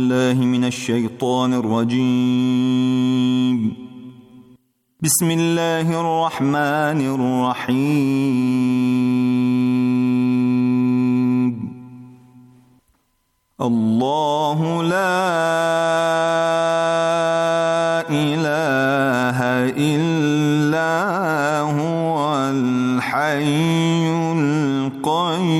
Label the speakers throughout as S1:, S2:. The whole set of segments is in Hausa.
S1: بالله من الشيطان الرجيم بسم الله الرحمن الرحيم الله لا اله الا هو الحي القيوم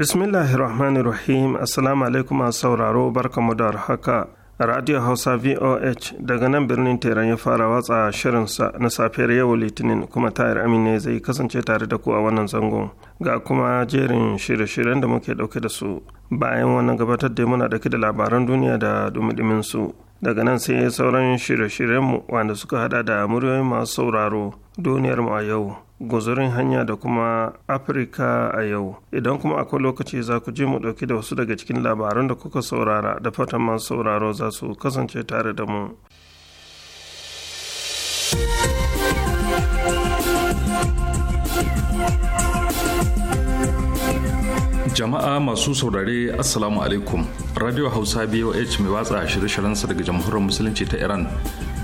S2: Bismillahirrahmanirrahim Assalamu alaikum masu sauraro barkamu da haka. Radio Hausa VOH daga nan birnin Teran ya fara watsa shirinsa na safiyar yau Litinin kuma Tahir Amine zai kasance tare da ku a wannan zangon. Ga kuma jerin shirye-shiryen da muke dauke da su. Bayan wannan gabatar da muna dauke da labaran duniya da dumudumin su. Daga nan sai sauran shirye shiryen mu wanda suka hada da muryoyin masu sauraro duniyarmu a yau. guzurin hanya da kuma afirka a yau idan kuma akwai lokaci za ku je mu ɗauki da wasu daga cikin labaran da kuka saurara da fatan masu sauraro za su kasance tare da mu
S3: jama'a masu saurare assalamu alaikum radio hausa boh mai watsa shirye-shiryensa daga jamhuriyar musulunci ta iran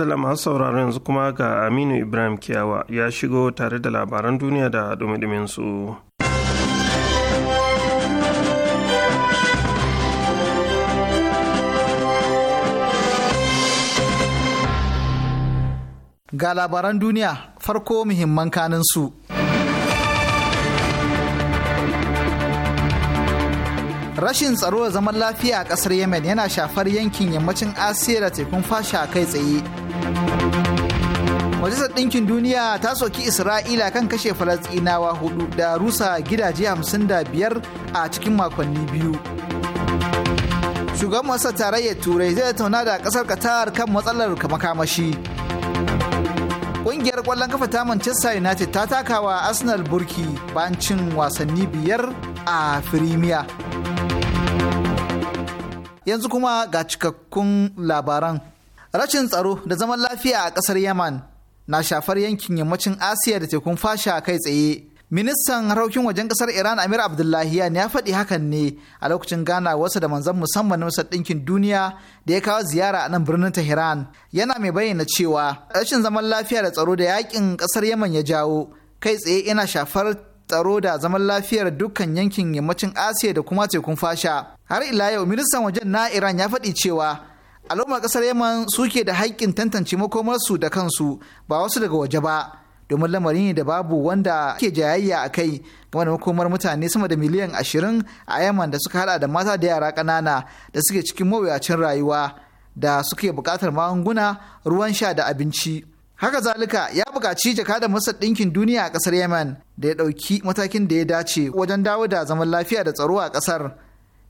S2: madala masu sauraro yanzu kuma ga aminu ibrahim kiyawa ya shigo tare da labaran duniya da dumi su.
S4: ga labaran duniya farko muhimman kanin su rashin tsaro da zaman lafiya a kasar yemen yana shafar yankin yammacin asiya da tekun fasha kai tsaye majalisar ɗinkin duniya ta soki isra'ila kan kashe falasɗinawa hudu da rusa gidaje hamsin da biyar a cikin makonni biyu shugaban masar tarayyar turai zai tauna da ƙasar qatar kan matsalar makamashi ƙungiyar ƙwallon kafa ta manchester united ta takawa arsenal burki cin wasanni biyar a firimiya yanzu kuma ga cikakkun labaran rashin tsaro da zaman lafiya a ƙasar yaman na shafar yankin yammacin asiya da tekun fasha kai tsaye ministan harkokin wajen kasar iran amir abdullahiyan ya faɗi hakan ne a lokacin gana wasa da manzan musamman na masar ɗinkin duniya da ya kawo ziyara a nan birnin tehran yana mai bayyana cewa rashin zaman lafiya da tsaro da yakin kasar yaman ya jawo kai tsaye yana shafar tsaro da zaman lafiyar dukkan yankin yammacin asiya da kuma tekun fasha har ila yau ministan wajen na iran ya faɗi cewa al'ummar ƙasar yaman suke da haƙƙin tantance makomarsu da kansu ba wasu daga waje ba domin lamari ne da babu wanda ke jayayya a kai game da makomar mutane sama da miliyan ashirin a yaman da suka hada da mata da yara ƙanana da suke cikin mawuyacin rayuwa da suke buƙatar magunguna ruwan sha da abinci haka zalika ya buƙaci da masar ɗinkin duniya a ƙasar yaman da ya ɗauki matakin da ya dace wajen dawo da zaman lafiya da tsaro a ƙasar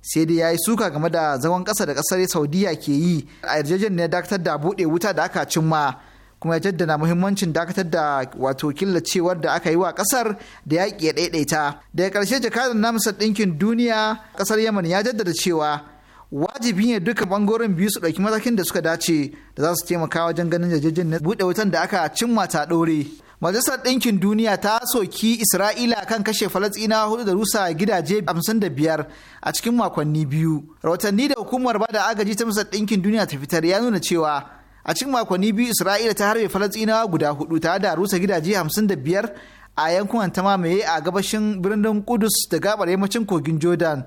S4: sai dai ya yi suka game da zagon ƙasa da ƙasar saudiya ke yi a ne dakatar da buɗe wuta da aka cimma kuma ya jaddana muhimmancin dakatar da wato killacewar da aka yi wa ƙasar da yaƙi ya ɗaiɗaita daga ƙarshe jakadar namsar ɗinkin duniya ƙasar yaman ya jaddada cewa wajibi ne duka bangoren biyu su ɗauki matakin da suka dace da za su taimaka wajen ganin na buɗe wutan da aka cimma ta ɗore. Majalisar Ɗinkin Duniya ta soki Isra'ila kan kashe Falasɗina hudu da rusa gidaje 55 a cikin makonni biyu. Rahotanni da hukumar ba da agaji ta Majalisar Ɗinkin Duniya ta fitar ya nuna cewa a cikin makonni biyu Isra'ila ta harbe Falasɗinawa guda hudu tare da rusa gidaje 55 a yankunan ta mamaye a gabashin birnin Kudus da gabar yammacin kogin Jordan.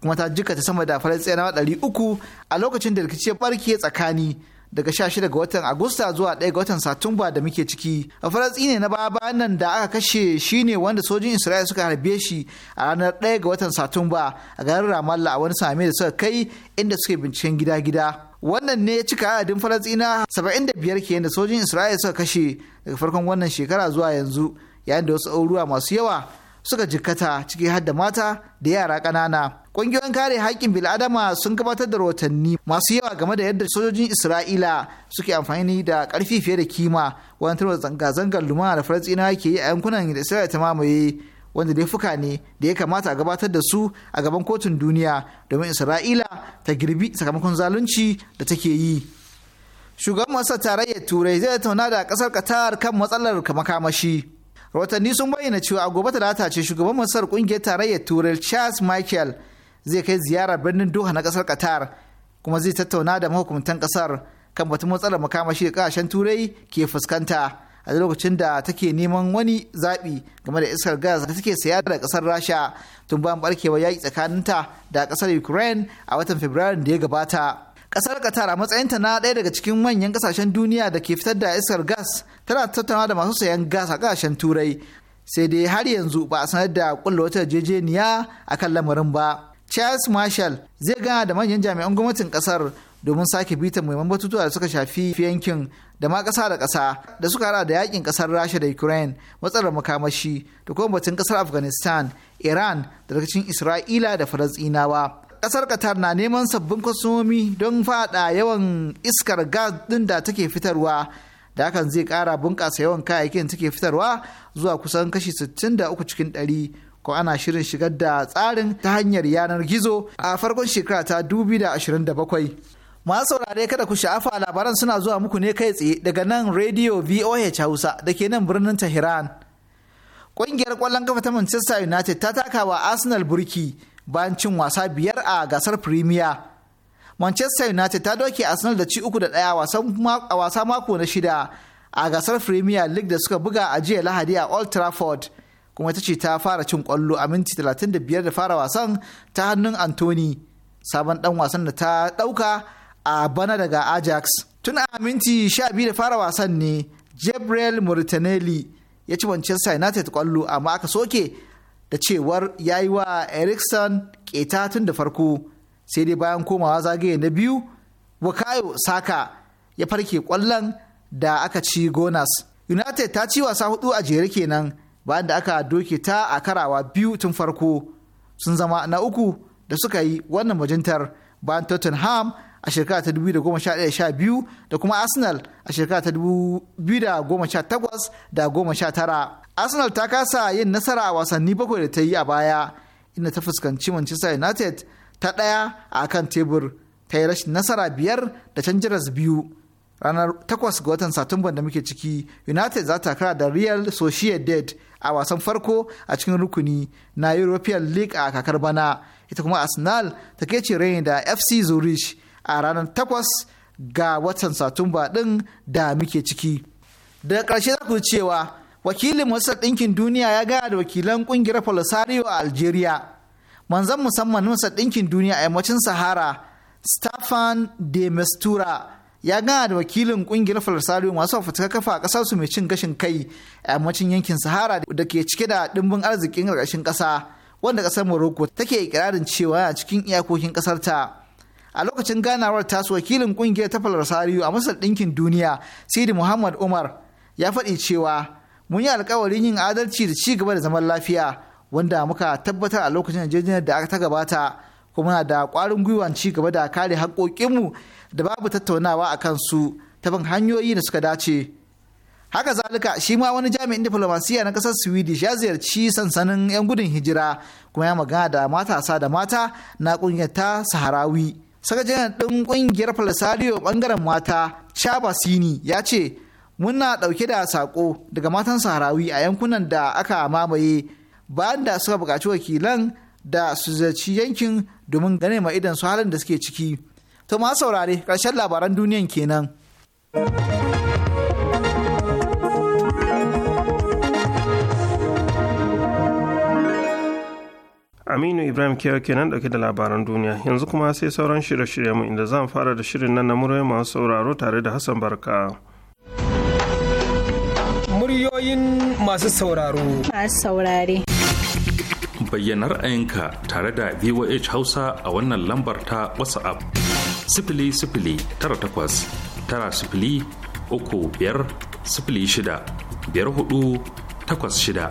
S4: kuma ta jikata sama da Falasɗinawa 300 a lokacin da rikici ya barke tsakani. daga 16 ga watan Agusta zuwa 1 ga watan Satumba da muke ciki. A ne na Baba nan da aka kashe shine wanda sojin Isra'ila suka harbe shi a ranar 1 ga watan Satumba a garin Ramallah a wani same da suka kai inda suke binciken gida-gida. Wannan ne ya cika adadin Falasɗina 75 ke da sojin Isra'ila suka kashe daga farkon wannan shekara zuwa yanzu yayin da wasu auruwa masu yawa suka jikkata ciki har da mata da yara ƙanana. Ƙungiyoyin kare haƙƙin bil'adama sun gabatar da rahotanni masu yawa game da yadda sojojin Isra'ila suke amfani da ƙarfi fiye da kima wani tarwa zanga-zangar lumana da Falasɗinawa ke yi a yankunan da Isra'ila ta mamaye wanda laifuka ne da ya kamata a gabatar da su a gaban kotun duniya domin Isra'ila ta girbi sakamakon zalunci da take yi. Shugaban masa tarayyar Turai zai tauna da ƙasar Qatar kan matsalar makamashi. Rahotanni sun bayyana cewa a gobe ta ce shugaban masar ƙungiyar tarayyar Turai Charles Michael zai kai ziyarar birnin doha na kasar qatar kuma zai tattauna da mahukuntan kasar kan batun matsalar makamashi da kasashen turai ke fuskanta a lokacin da take neman wani zaɓi game da iskar gas da take saya da kasar rasha tun bayan barkewar yaƙi tsakaninta da kasar ukraine a watan fabrairu da ya gabata kasar qatar a matsayinta na ɗaya daga cikin manyan kasashen duniya da ke fitar da iskar gas tana tattauna da masu sayan gas a kasashen turai sai dai har yanzu ba a sanar da kulla wata a kan lamarin ba charles marshall zai gana da manyan jami'an gwamnatin kasar domin sake bitan muhimman batutuwa da suka shafi yankin da ma kasa da kasa da suka hada da yakin ƙasar rasha da ukraine matsalar makamashi da kuma batun ƙasar afghanistan iran da rikicin isra'ila da falasɗinawa ƙasar qatar na neman sabbin kwasomomi don faɗa yawan iskar gas ɗin da take fitarwa da hakan zai ƙara bunƙasa yawan kayayyakin take fitarwa zuwa kusan kashi 63 cikin ɗari. ko ana shirin shigar da tsarin ta hanyar yanar gizo a farkon shekara ta 2027. Masu saurare kada ku sha'afa labaran suna zuwa muku ne kai tsaye daga nan Radio VOH Hausa da ke nan birnin Tehran. Ƙungiyar ƙwallon kafa ta Manchester United ta taka wa Arsenal burki bayan cin wasa biyar a gasar Premier. Manchester United ta doke Arsenal da ci uku da ɗaya a wasa mako na shida a gasar Premier League da suka buga a jiya Lahadi a Old Trafford. kuma ita ce ta fara cin kwallo a minti 35 da fara wasan ta hannun Anthony sabon dan wasan da ta dauka a bana daga Ajax. Tun a minti 12 da fara wasan ne jabriel Murtanelli ya ci Manchester United kwallo amma aka soke da cewar ya yi wa Erikson keta tun da farko sai dai bayan komawa zagaye na biyu Wakayo Saka ya farke kwallon da aka ci Gonas. United ta ci wasa hudu a jere kenan bayan da aka doke ta a karawa biyu tun farko sun zama na uku da suka yi wannan majintar bayan tottenham a shekara ta 2011-12 da kuma arsenal a shekara ta 2018 da 19 arsenal ta kasa yin nasara a wasanni bakwai da ta yi a baya inda ta fuskanci manchester united ta ɗaya a kan tebur ta yi rashin nasara biyar da canjiras biyu ranar 8 ga watan satumban da muke ciki united za ta kara da real sociedad a wasan farko a cikin rukuni na european league a kakar bana ita kuma arsenal ta ke ce rai da fc zurich a ranar takwas ga watan satumba din da muke ciki daga ƙarshe za ku cewa wakilin masu ɗinkin duniya ya gaya da wakilan ƙungiyar polisario a algeria manzan musamman masar ɗinkin duniya a yammacin sahara stefan de mistura ya gana da wakilin kungiyar falasariyo masu fafutuka kafa a kasar su mai cin gashin kai a yammacin yankin sahara da ke cike da dimbin arzikin ƙarƙashin ƙasa wanda ƙasar morocco take ikirarin cewa a cikin iyakokin ƙasar ta a lokacin ganawar tasu wakilin kungiyar ta falasariyo a masar ɗinkin duniya sidi muhammad umar ya faɗi cewa mun yi alkawarin yin adalci da ci gaba da zaman lafiya wanda muka tabbatar a lokacin yarjejeniyar da aka ta gabata kuma na da ƙwarin gwiwa ci gaba da kare haƙoƙinmu da babu tattaunawa a kansu ta bin hanyoyi da suka dace haka zalika shi ma wani jami'in diflomasiyya na kasar swedish ya ziyarci sansanin 'yan gudun hijira kuma ya magana da matasa da mata na kungiyar ta saharawi sakajin ɗin kungiyar falasariyo ɓangaren mata sini ya ce muna ɗauke da sako daga matan saharawi a yankunan da aka mamaye bayan da suka buƙaci wakilan da su ziyarci yankin domin gane ma idan su halin da suke ciki To ma saurare ƙarshen labaran duniyan kenan.
S2: Aminu Ibrahim ke kenan dauke da labaran duniya yanzu kuma sai sauran shirye-shirye mu inda zan fara da shirin nan na muryoyi masu sauraro tare da Hassan Barka.
S5: Muryoyin masu sauraro.
S6: Masu saurare.
S3: Bayyanar ra'ayinka tare da VOH Hausa a wannan lambar ta WhatsApp. sifili sifili tara takwas tara sifili uku biyar sifili shida biyar hudu takwas shida.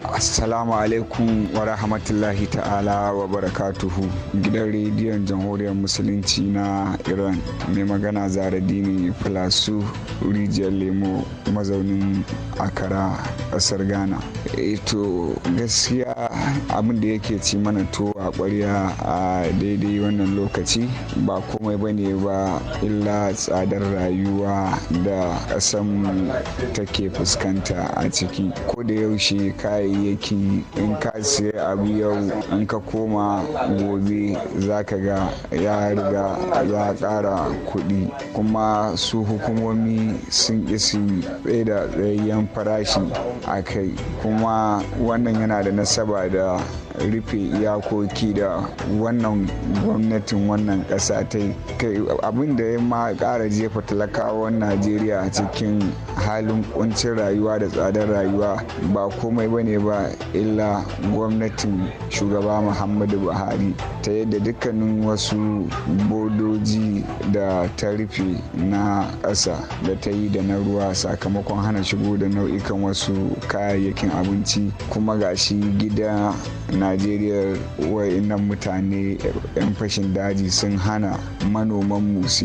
S6: Assalamu alaikum wa rahmatullahi ta'ala wa barakatuhu gidan rediyon jamhuriyar musulunci na Iran mai magana zara dini filasu rijiyar lemo mazaunin akara ƙasar Ghana. Eto eh gaskiya abin da yake ci mana towa a ƙwarya a daidai wannan lokaci ba komai ba ne ba illa tsadar rayuwa da kasan take fuskanta a ciki ko da yaushe kayi kayayyaki in ka siya abu yau in ka koma gobe za ka ga ya riga ya kara kuɗi kuma su hukumomi sun isi tsaye da tsayayyen farashi a kai kuma wannan yana da nasaba da rufe iyakoki da wannan gwamnatin wannan ƙasa ta kai abin da ya ma ƙara jefa talakawan najeriya cikin halin kuncin rayuwa da tsadar rayuwa ba komai bane ba illa gwamnatin shugaba muhammadu buhari ta yadda dukkanin wasu bodoji da ta rufe na ƙasa da ta yi da na ruwa sakamakon hana shigo da nau'ikan wasu kayayyakin abinci kuma gashi gida najeriya wa'innan mutane 'yan fashin daji sun hana manomanmu su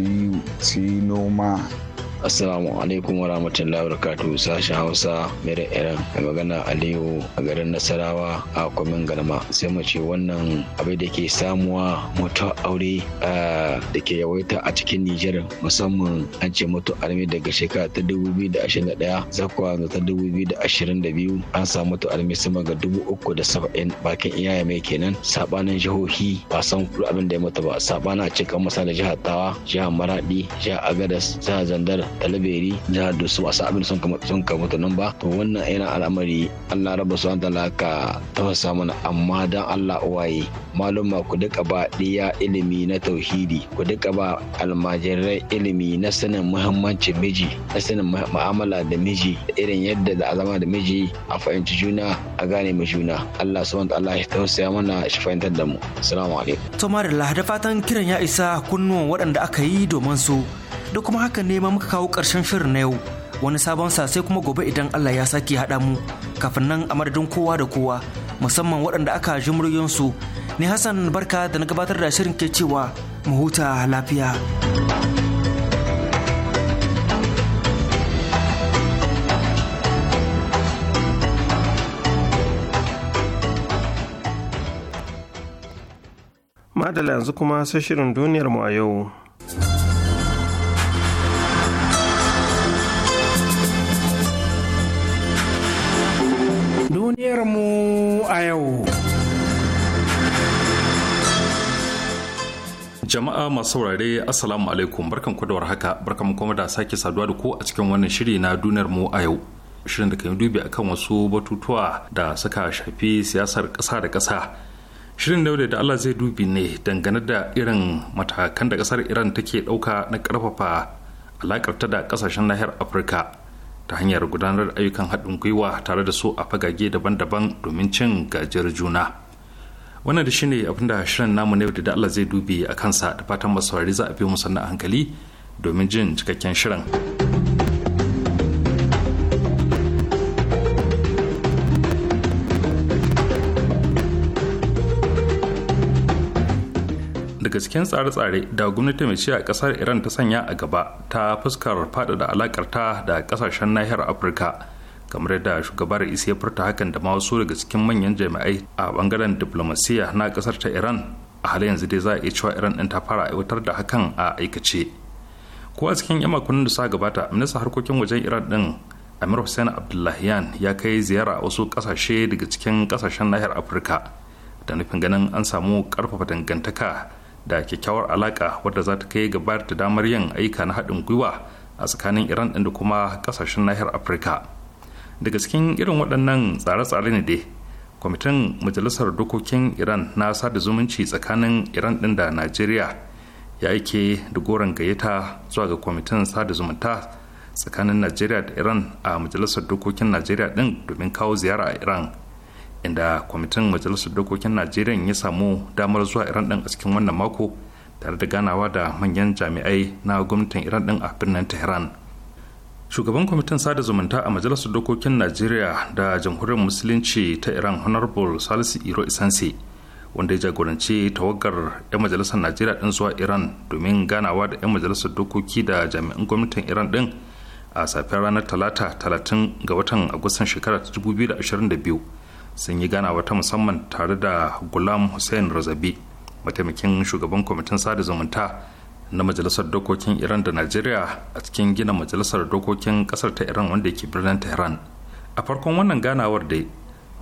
S6: yi noma Assalamu
S7: alaikum wa rahmatullahi wa barakatuh sashen Hausa mere Iran a magana Aliyu a garin Nasarawa a kwamin galma sai mu ce wannan abin da ke samuwa mutu aure da ke yawaita a cikin Nijar musamman an ce mutu armi daga shekara ta 2021 zakwa ta 2022 an samu mutu armi sama ga 370 bakin iyaye mai kenan sabanin jihohi ba san abin da ya mutu ba sabana a cikin masa jihar Tawa jihar Maradi jihar Agadas jihar Zandar talaberi jihar da su masu abin sun kama ta ba to wannan yana al'amari allah raba su ta ka tafasa mana amma dan allah uwaye maluma ku duka ba ɗiya ilimi na tauhidi ku duka ba almajirai ilimi na sanin muhimmancin miji na sanin mu'amala da miji irin yadda da zama da miji a fahimci juna a gane mu juna allah subhanahu wa ta'Ala ya tausaya mana shi fahimtar da mu assalamu alaikum
S5: to da fatan kiran ya isa kunnuwan waɗanda aka yi domin su da kuma haka ne ma muka kawo ƙarshen shirin na yau wani sabon sa sai kuma gobe idan Allah ya sake haɗa mu kafin nan a madadin kowa da kowa musamman waɗanda aka ji muryoyinsu ni Hassan barka da na gabatar da shirin ke cewa mu huta lafiya.
S2: Madala yanzu kuma sai shirin duniyar mu a yau.
S8: yau.
S3: Jama'a masu saurare Assalamu alaikum barkan kwadawar haka barkan kuma da sake saduwa da ku a cikin wannan shiri na duniyar mu a yau. Shirin da kan yi dubi akan wasu batutuwa da suka shafi siyasar ƙasa da ƙasa. Shirin da da Allah zai dubi ne dangane da irin matakan da ƙasar Iran take ɗauka na ƙarfafa alaƙarta da ƙasashen nahiyar Afirka. ta hanyar gudanar ayyukan haɗin gwiwa tare da su a fagage daban-daban domin cin gajiyar juna wannan da shine abin da shirin namu ne da Allah zai dubi a kansa da fatan masu za a bi mu sannan hankali domin jin cikakken shirin. daga cikin tsare-tsare da gwamnati mai a kasar iran ta sanya a gaba ta fuskar faɗaɗa alakarta da kasashen nahiyar afirka kamar yadda shugabar isi ya furta hakan da ma wasu daga cikin manyan jami'ai a bangaren diplomasiya na kasar ta iran a halin yanzu dai za a iya cewa iran ɗin ta fara aiwatar da hakan a aikace ko a cikin yan makonnin da suka gabata ministan harkokin wajen iran ɗin amir hussein abdullahiyan ya kai ziyara a wasu kasashe daga cikin kasashen nahiyar afirka da nufin ganin an samu karfafa dangantaka da kyakkyawar alaka wadda za ta kai gabar da damar yin aika na haɗin gwiwa a tsakanin iran ɗin da kuma ƙasashen nahiyar afirka daga cikin irin waɗannan tsare-tsare ne dai kwamitin majalisar dokokin iran na sada zumunci tsakanin iran ɗin da najeriya ya ke da goron gayyata zuwa ga kwamitin sada zumunta tsakanin najeriya da iran a majalisar dokokin najeriya ɗin domin kawo ziyara a iran inda kwamitin majalisar dokokin najeriya ya samu damar zuwa iran din a cikin wannan mako tare da ganawa da manyan jami'ai na gwamnatin iran din a birnin tehran shugaban kwamitin sada zumunta a majalisar dokokin najeriya da jamhuriyar musulunci ta iran honorable salisu iro isanse wanda ya jagoranci tawagar 'yan majalisar najeriya din zuwa iran domin ganawa da 'yan majalisar dokoki da jami'an gwamnatin iran din a safiyar ranar talata 30 ga watan agustan shekarar 2022 sun yi ganawa ta musamman tare da gulam hussein razabi mataimakin shugaban kwamitin sada zumunta na majalisar dokokin iran da najeriya a cikin gina majalisar dokokin kasar ta iran wanda ke birnin tehran a farkon wannan ganawar dai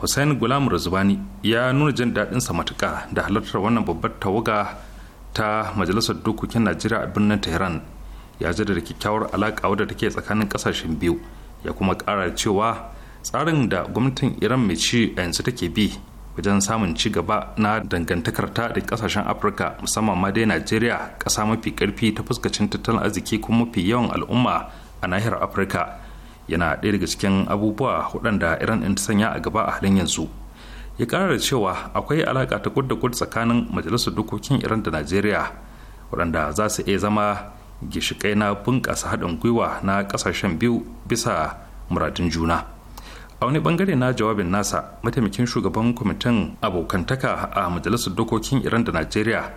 S3: hussein gulam razubani ya nuna jin sa matuka da halartar wannan babbar tawaga ta majalisar dokokin najeriya a birnin tehran ya da kyakkyawar alaƙa wadda take tsakanin ƙasashen biyu ya kuma ƙara cewa tsarin da gwamnatin iran mai ci a yanzu take bi wajen samun ci gaba na dangantakar ta da kasashen afirka musamman ma dai najeriya ƙasa mafi karfi ta fuskacin tattalin arziki kuma mafi yawan al'umma a nahiyar afirka yana ɗaya daga cikin abubuwa waɗanda iran ɗin ta sanya a gaba a halin yanzu ya ƙara da cewa akwai alaƙa ta kud da tsakanin majalisar dokokin iran da najeriya waɗanda za su iya zama gishikai na bunƙasa haɗin gwiwa na ƙasashen biyu bisa muradun juna a wani bangare na jawabin nasa mataimakin shugaban kwamitin abokantaka a majalisar dokokin iran da najeriya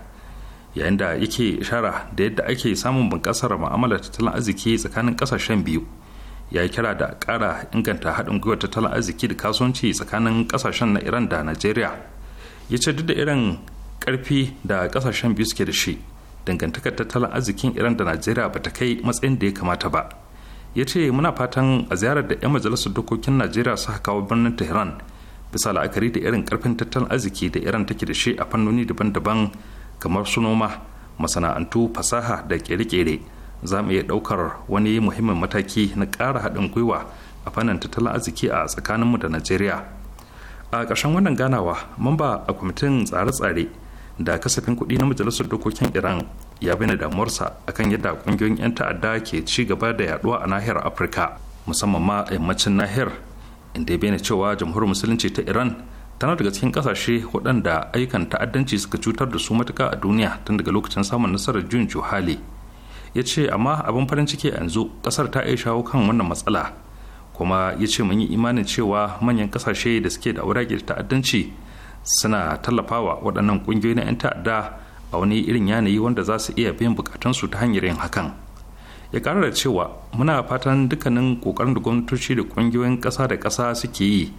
S3: yayin da yake ishara da yadda ake samun bunƙasar ma'amalar tattalin arziki tsakanin ƙasashen biyu ya kira da ƙara inganta haɗin gwiwar tattalin arziki da kasuwanci tsakanin ƙasashen na iran da najeriya ya ce duk da irin ƙarfi da ƙasashen biyu suke da shi dangantakar tattalin arzikin iran da najeriya ba ta kai matsayin da ya kamata ba ya ce muna fatan a ziyarar da 'yan majalisar dokokin najeriya su kawo birnin tehran bisa la'akari da irin karfin tattalin arziki da iran take da shi a fannoni daban-daban kamar su noma masana'antu fasaha da kere-kere za mu iya ɗaukar wani muhimmin mataki na ƙara haɗin gwiwa a fannin tattalin arziki a tsakaninmu da najeriya a ƙarshen wannan ganawa mamba a kwamitin tsare-tsare da kasafin kuɗi na majalisar dokokin iran ya bayyana damuwarsa akan yadda kungiyoyin 'yan ta'adda ke ci gaba da yaduwa a nahiyar afirka musamman ma a yammacin nahiyar inda ya bayyana cewa jamhuriyar musulunci ta iran tana daga cikin kasashe waɗanda ayyukan ta'addanci suka cutar da su matuka a duniya tun daga lokacin samun nasarar juyin juhali ya ce amma abin farin ciki yanzu ƙasar ta iya shawo kan wannan matsala kuma ya ce mun yi imanin cewa manyan kasashe da suke da wuraƙe ta'addanci suna tallafawa waɗannan ƙungiyoyi na 'yan ta'adda a wani irin yanayi wanda za su iya biyan bukatunsu ta hanyar yin hakan ya kara da cewa muna fatan dukkanin kokarin da gwamnatoci da kungiyoyin kasa da kasa suke yi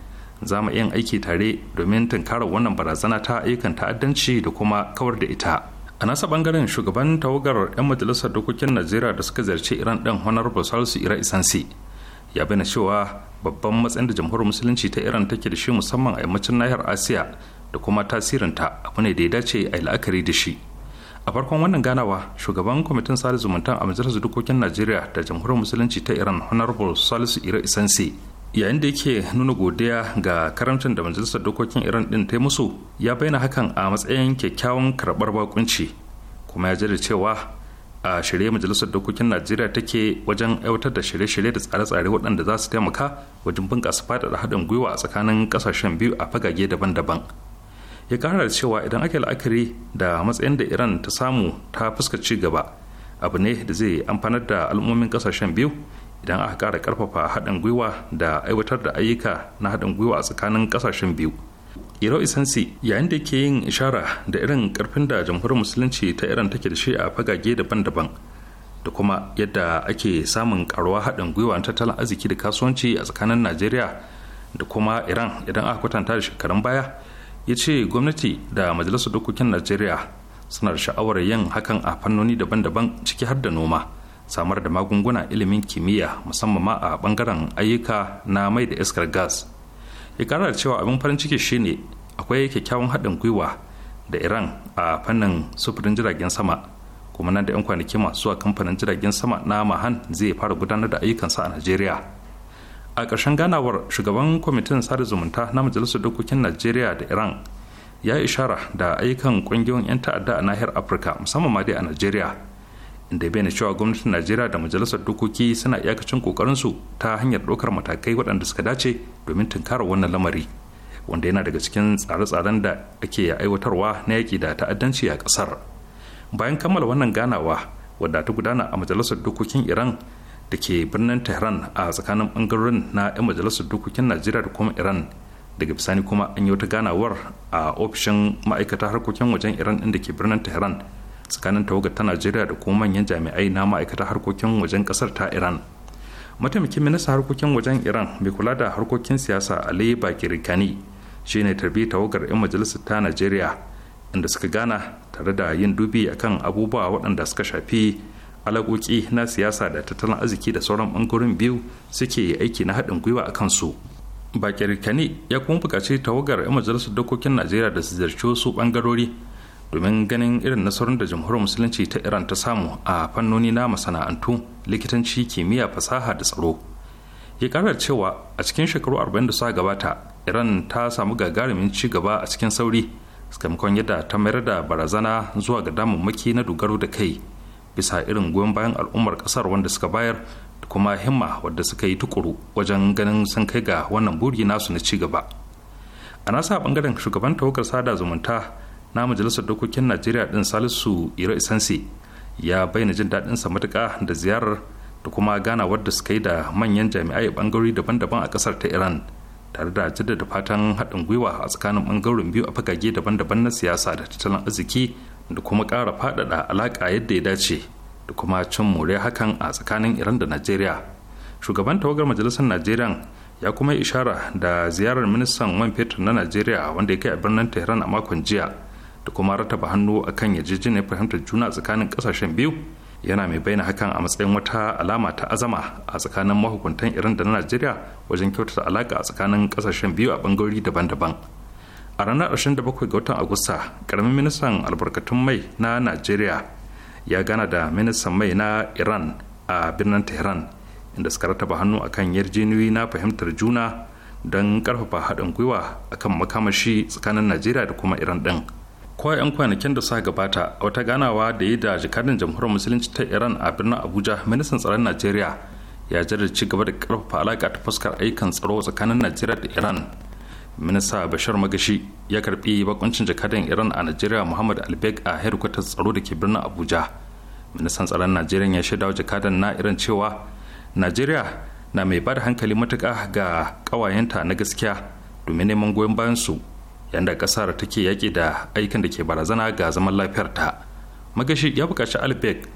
S3: za mu yin aiki tare domin tunkarar wannan barazana ta ayyukan ta'addanci da kuma kawar da ita a nasa bangaren shugaban tawagar 'yan majalisar dokokin najeriya da suka ziyarci iran din honar salisu ira isansi ya bayyana cewa babban matsayin da jamhuriyar musulunci ta iran take da shi musamman a yammacin nahiyar asiya da kuma tasirinta abu ne da ya dace a la'akari da shi a farkon wannan ganawa shugaban kwamitin sada zumunta a majalisar dokokin najeriya da jamhuriyar musulunci ta iran honorable salisu ira isanse yayin da yake nuna godiya ga karamcin da majalisar dokokin iran din ta musu ya bayyana hakan a matsayin kyakkyawan karɓar bakunci kuma ya jira cewa a shirye majalisar dokokin najeriya take wajen aiwatar da shirye-shirye da tsare-tsare waɗanda za su taimaka wajen bunƙasa faɗaɗa haɗin gwiwa a tsakanin ƙasashen biyu a fagage daban-daban ya kara da cewa idan ake la'akari da matsayin da iran ta samu ta fuska ci gaba abu ne da zai amfanar da al'ummomin kasashen biyu idan aka kara karfafa haɗin gwiwa da aiwatar da ayyuka na haɗin gwiwa a tsakanin kasashen biyu irau isansi yayin da ke yin ishara da irin karfin da jamhuriyar musulunci ta iran take da shi a fagage daban-daban da kuma yadda ake samun karuwa haɗin gwiwa na tattalin arziki da kasuwanci a tsakanin najeriya da kuma iran idan aka kwatanta da shekarun baya ya ce gwamnati da majalisar dokokin najeriya suna da sha'awar yin hakan a fannoni daban-daban ciki har da noma samar da magunguna ilimin kimiyya musamman ma a bangaren ayyuka na mai da iskar gas ya kara da cewa abin farin ciki shine akwai kyakkyawan haɗin gwiwa da iran a fannin sufurin jiragen sama kuma nan da 'yan kwanaki masu zuwa kamfanin jiragen sama na mahan zai fara gudanar da ayyukansa a najeriya a ƙarshen ganawar shugaban kwamitin sada zumunta na majalisar dokokin najeriya da iran ya ishara da ayyukan ƙungiyoyin 'yan ta'adda a nahiyar afirka musamman ma dai a najeriya inda bayyana cewa gwamnatin najeriya da majalisar dokoki suna iyakacin ƙoƙarinsu ta hanyar ɗaukar matakai waɗanda suka dace domin tunkara wannan lamari wanda yana daga cikin tsare-tsaren da ake aiwatarwa na yaƙi da ta'addanci a ƙasar bayan kammala wannan ganawa wadda ta gudana a majalisar dokokin iran da ke birnin tehran a tsakanin bangarorin na 'yan majalisar dokokin najeriya da kuma iran daga bisani kuma an yi wata ganawar a ofishin ma'aikata harkokin wajen iran inda ke birnin tehran tsakanin tawagar ta najeriya da kuma manyan jami'ai na ma'aikata harkokin wajen kasar ta iran mataimakin minista harkokin wajen iran mai kula da harkokin siyasa ali bakiri kani ne tarbi tawagar 'yan majalisar ta najeriya inda suka gana tare da yin dubi akan abubuwa waɗanda suka shafi alaƙoƙi na siyasa da tattalin arziki da sauran ɓangarorin biyu suke aiki na haɗin gwiwa a kansu bakir kani ya kuma buƙaci tawagar 'yan majalisar dokokin najeriya da su ziyarci wasu ɓangarori domin ganin irin nasarar da jamhuriyar musulunci ta iran ta samu a fannoni na masana'antu likitanci kimiyya fasaha da tsaro ya ƙara cewa a cikin shekaru arba'in da suka gabata iran ta samu gagarumin ci gaba a cikin sauri sakamakon yadda ta mayar da barazana zuwa ga damammaki na dogaro da kai bisa irin goyon bayan al'ummar kasar wanda suka bayar da kuma himma wadda suka yi tukuru wajen ganin sun kai ga wannan buri nasu na ci gaba a nasa bangaren shugaban tawagar sada zumunta na majalisar dokokin najeriya din salisu ira isanse ya bayyana jin daɗinsa matuka da ziyarar da kuma gana wadda suka yi da manyan jami'ai bangarori daban-daban a ƙasar ta iran tare da jaddada fatan haɗin gwiwa a tsakanin bangarorin biyu a fagage daban-daban na siyasa da tattalin arziki da kuma ƙara faɗaɗa alaƙa yadda ya dace da kuma cin more hakan a tsakanin iran da najeriya shugaban tawagar majalisar najeriya ya kuma yi ishara da ziyarar ministan man fetur na najeriya wanda ya kai a birnin tehran a makon jiya da kuma rataba hannu akan yarjejeniyar fahimtar juna tsakanin ƙasashen biyu yana mai bayyana hakan a matsayin wata alama ta azama a tsakanin mahukuntan iran da na najeriya wajen kyautata alaka a tsakanin kasashen biyu a bangarori daban-daban a ranar 27 ga watan agusta karamin ministan albarkatun mai na najeriya ya gana da ministan mai na iran a birnin tehran inda suka rataba hannu akan yarjejeniyoyi na fahimtar juna don karfafa haɗin gwiwa kan makamashi tsakanin najeriya da kuma iran ɗin ko 'yan kwanakin da suka gabata a wata ganawa da yi da jikadin jamhuriyar musulunci ta iran a birnin abuja ministan tsaron najeriya ya da ci gaba da karfafa alaƙa ta fuskar aikan tsaro tsakanin najeriya da iran minista bashar magashi ya karbi bakuncin jakadan iran a najeriya muhammad albek a herkutar tsaro da ke birnin abuja ministan tsaron najeriya ya shaidawa jakadan na iran cewa najeriya na mai ba da hankali matuƙa ga ƙawayenta na gaskiya domin neman goyon bayan su yadda ƙasar take yaƙi da aikin da ke barazana ga zaman lafiyarta magashi ya buƙaci albek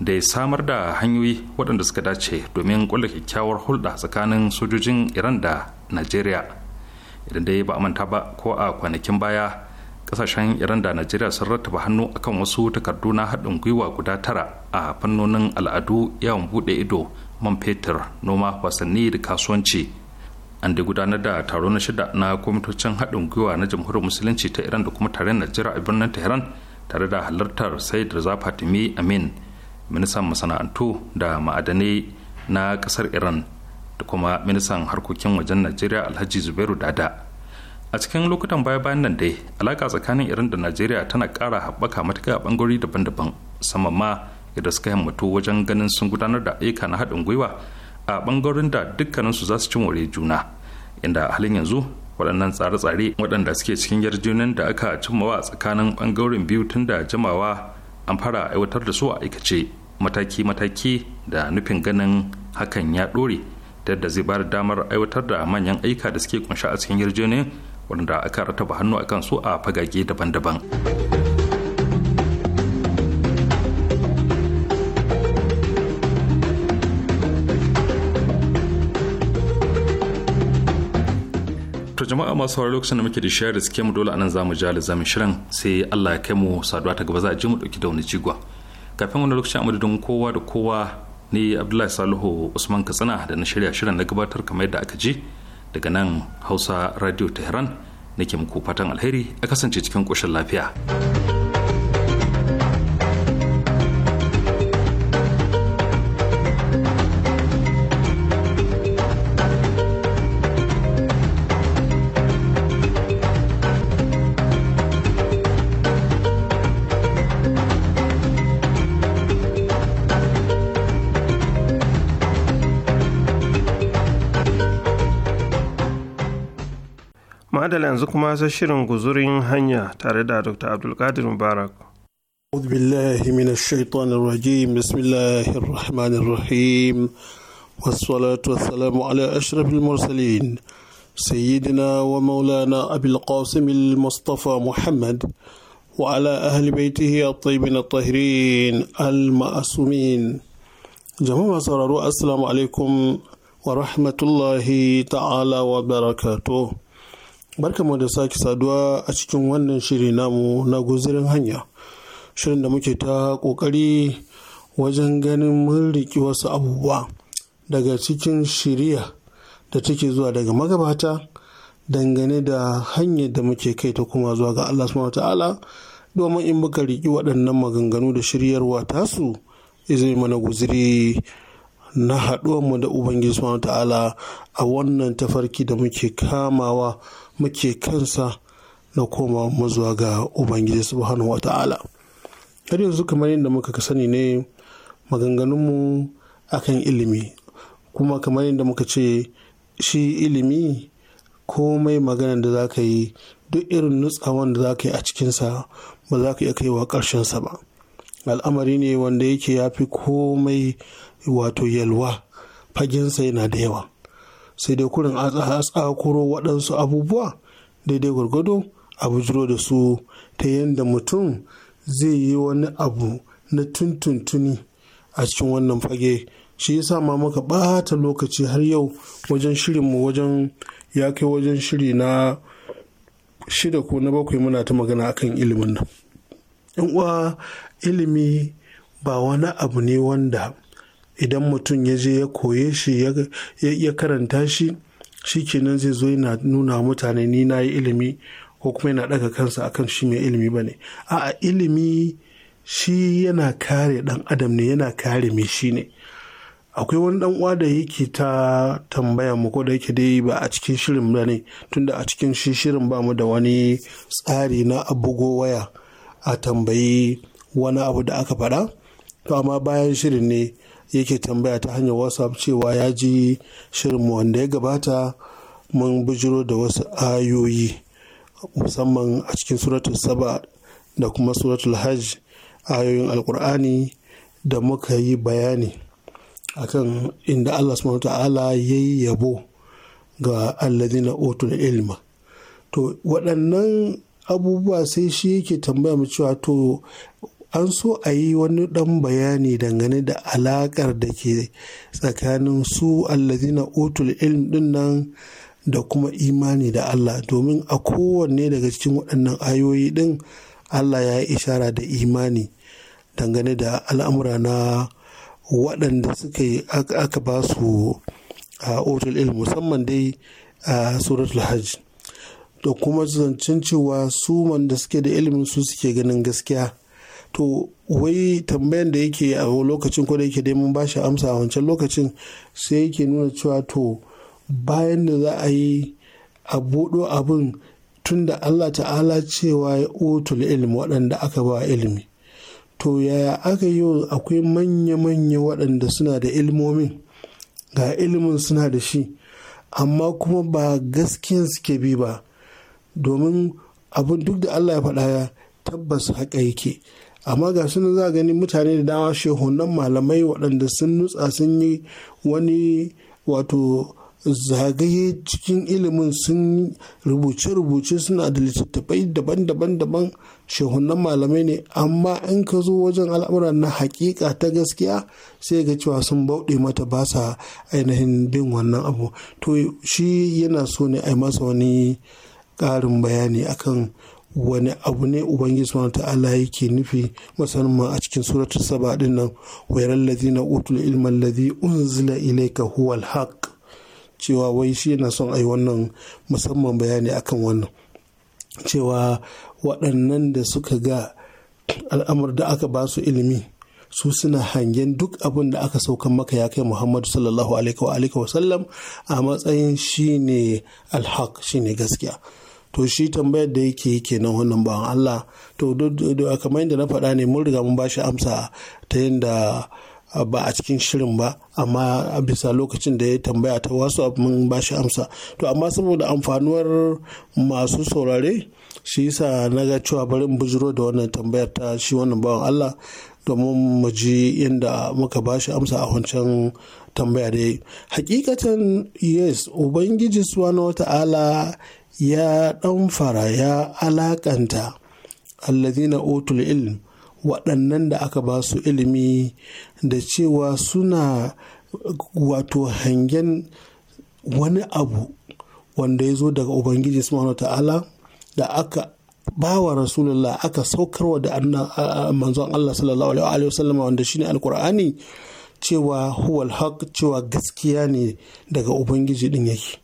S3: da ya samar da hanyoyi waɗanda suka dace domin ƙulla kyakkyawar hulɗa tsakanin sojojin iran da najeriya idan dai ba manta ba ko a kwanakin baya kasashen iran da najeriya sun rattaba hannu akan wasu takardu na haɗin gwiwa guda tara a fannonin al'adu yawon buɗe ido man fetur noma wasanni da kasuwanci an da gudanar da taro na shida na kwamitocin haɗin gwiwa na jamhuriyar musulunci ta iran da kuma tare najeriya a birnin tehran tare da halartar da za fatimi amin ministan masana'antu da ma'adanai na ƙasar iran da kuma ministan harkokin wajen najeriya alhaji zubairu dada a cikin lokutan baya bayan nan dai alaka tsakanin irin da najeriya tana kara haɓaka matuka a bangarori daban-daban saman ma idan suka himmatu wajen ganin sun gudanar da ayyuka na haɗin gwiwa a bangarorin da dukkaninsu za su wuri juna inda halin yanzu waɗannan tsare-tsare waɗanda suke cikin yarjejeniyar da aka cimmawa a tsakanin ɓangarorin biyu tun da jimawa an fara aiwatar da su a aikace mataki-mataki da nufin ganin hakan ya ɗore ta yadda zai bayar damar aiwatar da manyan aika da suke kunshi a cikin yarjejeniyar wadanda aka rataba hannu a su a fagage daban-daban. to jama'a masu sauraro lokacin da muke da shayar da suke mu dole anan zamu ja lizamin shirin sai Allah ya kai mu saduwa ta gaba za a ji mu dauki da wani jigwa kafin wani lokacin a kowa da kowa ni abdullahi salihu usman katsina da na shirya shirin na gabatar kamar yadda aka ji daga nan hausa radio tehran nake muku fatan alheri a kasance cikin ƙoshin lafiya.
S2: yanzu kuma sai shirin guzurin hanya tare da Dr. Abdulkadir Mubarak. أعوذ بالله
S8: من الشيطان الرجيم بسم الله الرحمن الرحيم والصلاة والسلام على أشرف المرسلين سيدنا ومولانا أبي القاسم المصطفى محمد وعلى أهل بيته الطيبين الطاهرين المأسومين جماعة سرارو السلام عليكم ورحمة الله تعالى وبركاته Barkamu da sake saduwa a cikin wannan shiri namu na guzirin hanya. Shirin da muke ta ƙoƙari wajen ganin mun riki wasu abubuwa daga cikin shiriya da take zuwa daga magabata dangane da hanyar da muke kai ta kuma zuwa ga Allah subhanahu ta'ala domin in muka riki waɗannan maganganu da shiryarwa tasu zai mana guziri na mu da Ubangiji subhanahu ta'ala a wannan tafarki da muke kamawa muke kansa na koma mazuwa ga Ubangiji subhanahu wa ta'ala. Har yanzu kamar yadda muka sani ne maganganunmu akan ilimi kuma kamar yadda muka ce shi ilimi komai magana da za ka yi duk irin nutsawan da za ka yi a cikinsa ba za ka iya kaiwa ƙarshensa ba al'amari ne wanda yake ya fi komai wato yalwa faginsa yana da yawa sai dai kurin a tsakuro waɗansu abubuwa daidai gwargwado a bujiro da su ta yadda mutum zai yi wani abu na tuntuntuni a cikin wannan fage shi yasa ma muka ɓata lokaci har yau wajen shirinmu wajen ya kai wajen shiri na shida ko na bakwai muna ta magana akan ilimin nan uwa ilimi ba wani abu ne wanda idan mutum ya je ya koye shi ya karanta shi shi kenan zai zo yana nuna mutane ni na yi ilimi ko kuma yana ɗaga kansa akan shi mai ilimi ba ne a ilimi shi yana kare ɗan adam ne yana kare mai shi ne akwai wani ɗan uwa da yake ta tambaya mu ko da yake dai ba a cikin shirin ba ne tunda a cikin shi shirin ba mu da wani tsari na abugo waya a tambayi wani abu da aka faɗa to amma bayan shirin ne yake tambaya ta hanyar whatsapp cewa ya ji shirinmu wanda ya gabata mun bijiro da wasu ayoyi musamman a cikin suratul saba da kuma suratul hajj ayoyin alkur'ani da muka yi bayani akan inda allah subhanahu ta'ala ya yi yabo ga alladina otul ilma to waɗannan abubuwa sai shi yake tambaya mu cewa to an so a yi wani ɗan bayani dangane da alaƙar da ke tsakanin su allazina otul ilm ɗin nan da kuma imani da Allah domin a kowanne daga cikin waɗannan ayoyi ɗin Allah ya yi ishara da imani dangane da al'amura na waɗanda suka yi aka ba su a otul ilm musamman dai a suratul hajji da kuma zancen cewa su wanda suke da ilimin su suke ganin gaskiya to wai tambayan da yake a lokacin ko da yake dai mun bashi amsa a wancan lokacin sai yake nuna cewa to bayan da za a yi a buɗo abin tun da Allah ta'ala cewa ya otul ilmi waɗanda aka ba ilimi to yaya aka yi akwai manya-manya waɗanda suna da ilmomin ga ilimin suna da shi amma kuma ba gaskiyan suke bi ba domin abin duk da Allah ya faɗa ya tabbas haka yake amma ga su nan za a gani mutane da dama shehunan malamai waɗanda sun nutsa sun yi wani wato zagaye cikin ilimin sun rubuce-rubuce suna da littattafai daban-daban daban shehunan malamai ne amma in ka zo wajen al'amuran na hakika ta gaskiya sai ga cewa sun bauɗe mata ba sa ainihin bin wannan abu to shi yana so ne a masa wani ƙarin bayani akan wani abu ne ubangiji subhanahu ta'ala yake nufi musamman a cikin suratul saba din nan wayral ladina utul ilma alladhi unzila ilayka huwa alhaq cewa wai shi yana son ayi wannan musamman bayani akan wannan cewa waɗannan da suka ga al'amur da aka ba su ilimi su suna hangen duk abin da aka saukan maka ya kai muhammadu sallallahu alaihi wa sallam a matsayin shine alhaq shine gaskiya to shi tambayar da yake yi kenan wannan bawan Allah to kamar yadda na faɗa ne mun riga mun ba shi amsa ta yadda ba a cikin shirin ba amma a bisa lokacin da ya tambaya ta wasu mun ba shi amsa to amma saboda amfanuwar masu saurare shi yasa na ga cewa bari mu bujiro da wannan tambayar ta shi wannan bawan Allah domin mu ji inda muka ba shi amsa a wancan tambaya da hakikatan yes ubangiji subhanahu wata'ala ya ɗanfara ya alaƙanta allazina otul ilm waɗannan da aka ba su ilimi da cewa suna wato hangen wani abu wanda ya zo daga ubangiji subhanahu ta'ala da aka bawa rasulullah aka saukarwa da manzon Allah sallallahu alaihi wasallama wanda shine alkur'ani cewa huwal haq cewa gaskiya ne daga ubangiji din yake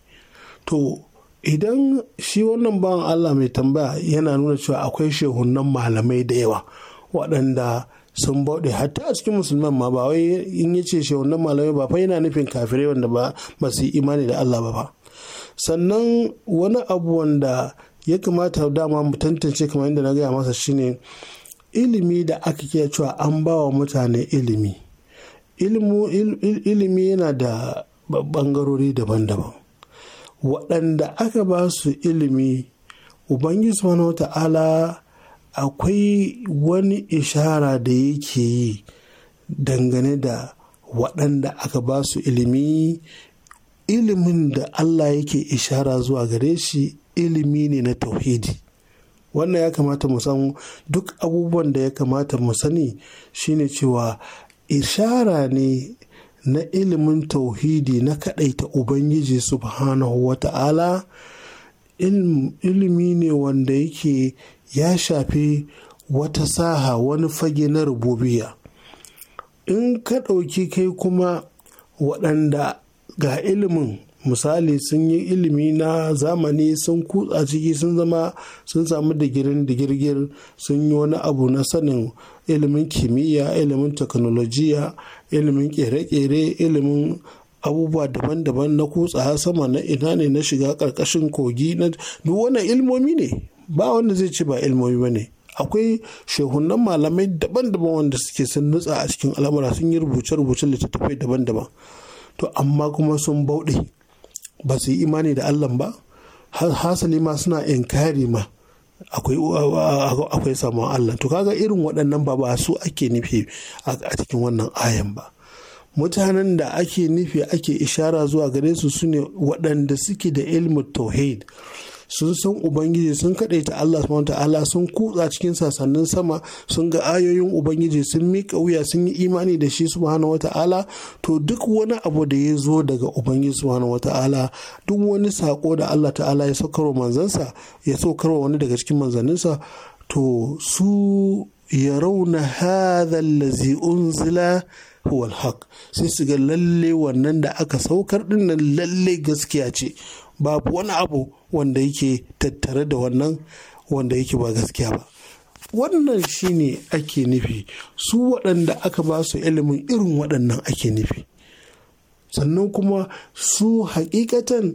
S8: to idan shi wannan bawan Allah mai tambaya yana nuna cewa akwai shehunan malamai da yawa waɗanda sun bauɗe hatta a cikin musulman ma ba wai in ya ce shehunan malamai ba fa yana nufin kafirai wanda ba ba su yi imani da Allah ba ba sannan wani abu wanda ya kamata dama mu tantance kamar yadda na gaya masa shine ilimi da aka ke cewa an ba wa mutane ilimi ilimi yana da ɓangarori daban-daban waɗanda aka ba su ilimi ubangiji subhanahu ta'ala akwai wani ishara da yake yi dangane da waɗanda aka ba su ilimi ilimin da Allah yake ishara zuwa gare shi ilimi ne na tauhidi wannan ya kamata mu san duk abubuwan da ya kamata mu sani shine cewa ishara ne na ilimin tauhidi na kaɗaita ubangiji subhanahu wa ta'ala ilimi ne wanda yake ya shafi wata saha wani fage na rububiya in ka ɗauki kai kuma waɗanda ga ilimin misali sun yi ilimi na zamani sun kutsa ciki sun zama sun samu digirin digirgir sun yi wani abu na sanin ilimin kimiyya ilimin teknolojiya ilimin kere-kere ilimin abubuwa daban-daban na kutsa sama na ina ne na shiga karkashin kogi na duk wannan ilmomi ne ba wanda zai ci ba ilmomi ba ne akwai shehunan malamai daban-daban wanda suke sun nutsa a cikin al'amura sun yi rubuce-rubuce littattafai daban-daban to amma kuma sun bauɗe ba su yi imani da allah ba hasali ma suna inkari ma akwai akwai samuwar Allah to kaga irin waɗannan ba ba su ake nufi a cikin wannan ayan ba mutanen da ake nufi ake ishara zuwa gare su su ne waɗanda suke da ilmin tauhid sun san ubangiji sun kaɗaita Allah subhanahu ta'ala sun kutsa cikin sasannin sama sun ga ayoyin ubangiji sun miƙa wuya sun yi imani da shi subhanahu ta'ala to duk wani abu da ya zo daga ubangiji subhanahu ta'ala duk wani sako da Allah ta'ala ya saukarwa manzansa ya saukarwa wani daga cikin manzanninsa to su rauna هذا الذي unzila هو الحق sai su ga lalle wannan da aka saukar dinnan lalle gaskiya ce babu wani abu wanda yake tattare da wannan wanda yake ba gaskiya ba wannan shine ake nufi su waɗanda aka ba su ilimin irin waɗannan ake nufi sannan kuma su hakikatan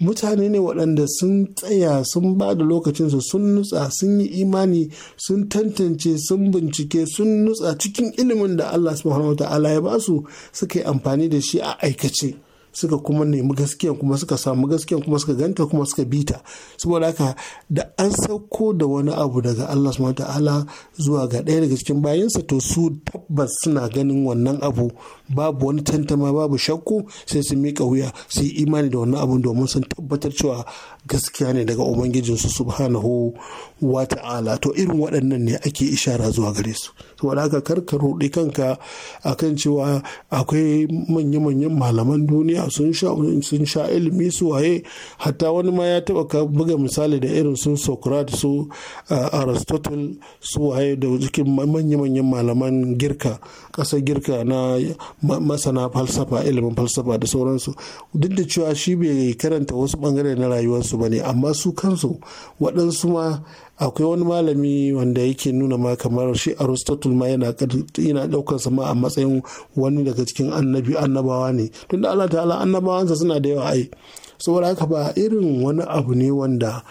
S8: mutane ne waɗanda sun tsaya sun ba da lokacinsu sun nutsa sun yi imani sun tantance sun bincike sun nutsa cikin ilimin da allah subhanahu wa ta'ala ya ba su suka yi amfani da shi a aikace. suka kuma nemi gaskiyan kuma suka samu gaskiyan kuma suka ganta kuma suka bita saboda haka da an sauko da wani abu daga Allah subhanahu ta'ala zuwa ga ɗaya daga cikin bayansa to su tabbas suna ganin wannan abu babu wani tantama babu shakku sai su miƙa wuya su yi imani da wani abin domin sun tabbatar cewa gaskiya ne daga ubangijinsu subhanahu wa ta'ala to irin waɗannan ne ake ishara zuwa gare su saboda haka kar ka ruɗi kanka akan cewa akwai manya-manyan malaman duniya sun sha sun sha ilimi su waye hatta wani ma ya taba ka buga misali da irin sun Socrates su Aristotle su waye da cikin manya-manyan malaman girka ƙasar girka na masana falsafa ilimin falsafa da sauransu duk da cewa shi bai karanta wasu bangare na rayuwarsu ba ne amma su kansu waɗansu ma akwai wani malami wanda yake nuna ma kamar shi aristotle ma yana ɗaukar sa ma a matsayin wani daga cikin annabi annabawa ne tunda Allah ta'ala annabawansa suna da yawa ai saboda haka ba irin wani abu ne wanda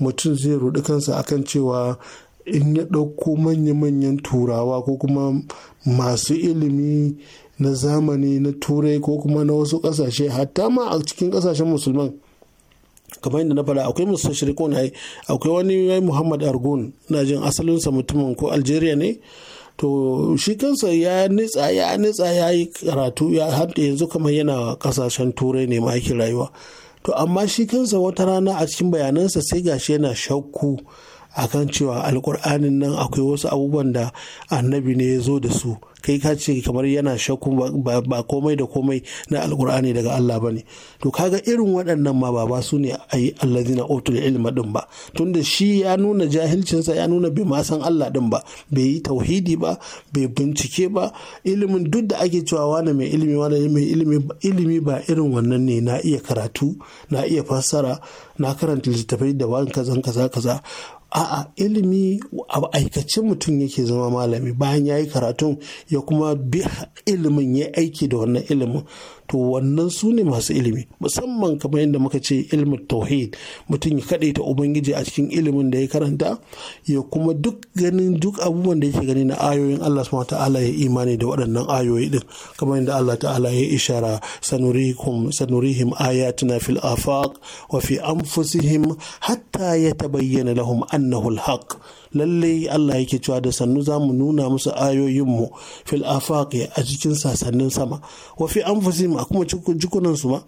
S8: mutum zai rudi kansa akan cewa in ya ɗauko manya-manyan turawa ko kuma masu ilimi na zamani na turai ko kuma na wasu kasashe hatta ma a cikin kasashen musulman kamar yadda na faɗa akwai mustashriqun ai akwai wani yayi Muhammad Argun na jin asalinsa mutumin ko Algeria ne to shi kansa ya nitsa ya nitsa ya yi karatu ya yanzu kamar yana kasashen turai ne ma aikin rayuwa to amma shi kansa wata rana a cikin bayanansa sai gashi yana shakku akan cewa alkur'anin nan akwai wasu abubuwan da annabi ne ya zo da su kai ka ce kamar yana shakku ba komai da komai na alkur'ani daga Allah bane to kaga irin waɗannan ma ba su ne ayi allazina utul ilma din ba tunda shi ya nuna jahilcinsa ya nuna bai ma Allah din ba bai yi tauhidi ba bai bincike ba ilimin duk da ake cewa wani mai ilimi wani mai ilimi ilimi ba irin wannan ne na iya karatu na iya fassara na karanta littattafai da wani kaza kaza kaza a'a ilimi a aikace mutum yake zama malami bayan ya yi karatun ya kuma bi ilimin ya aiki da wannan ilimin to wannan su ne masu ilimi musamman kamar yadda muka ce ilimin tauhid mutum ya kaɗe ta ubangiji a cikin ilimin da ya karanta ya kuma duk ganin duk abubuwan da yake gani na ayoyin Allah subhanahu ta'ala ya imani da waɗannan ayoyi din kamar yadda Allah ta'ala ya ishara sanurihim sanurihim ayatuna fil afaq wa fi anfusihim hatta yatabayyana lahum annahu al-haq lallai Allah yake cewa da sannu za mu nuna musu ayoyinmu fil afaqi a cikin sasannin sama wa fi anfusihim a kuma jikunan su ma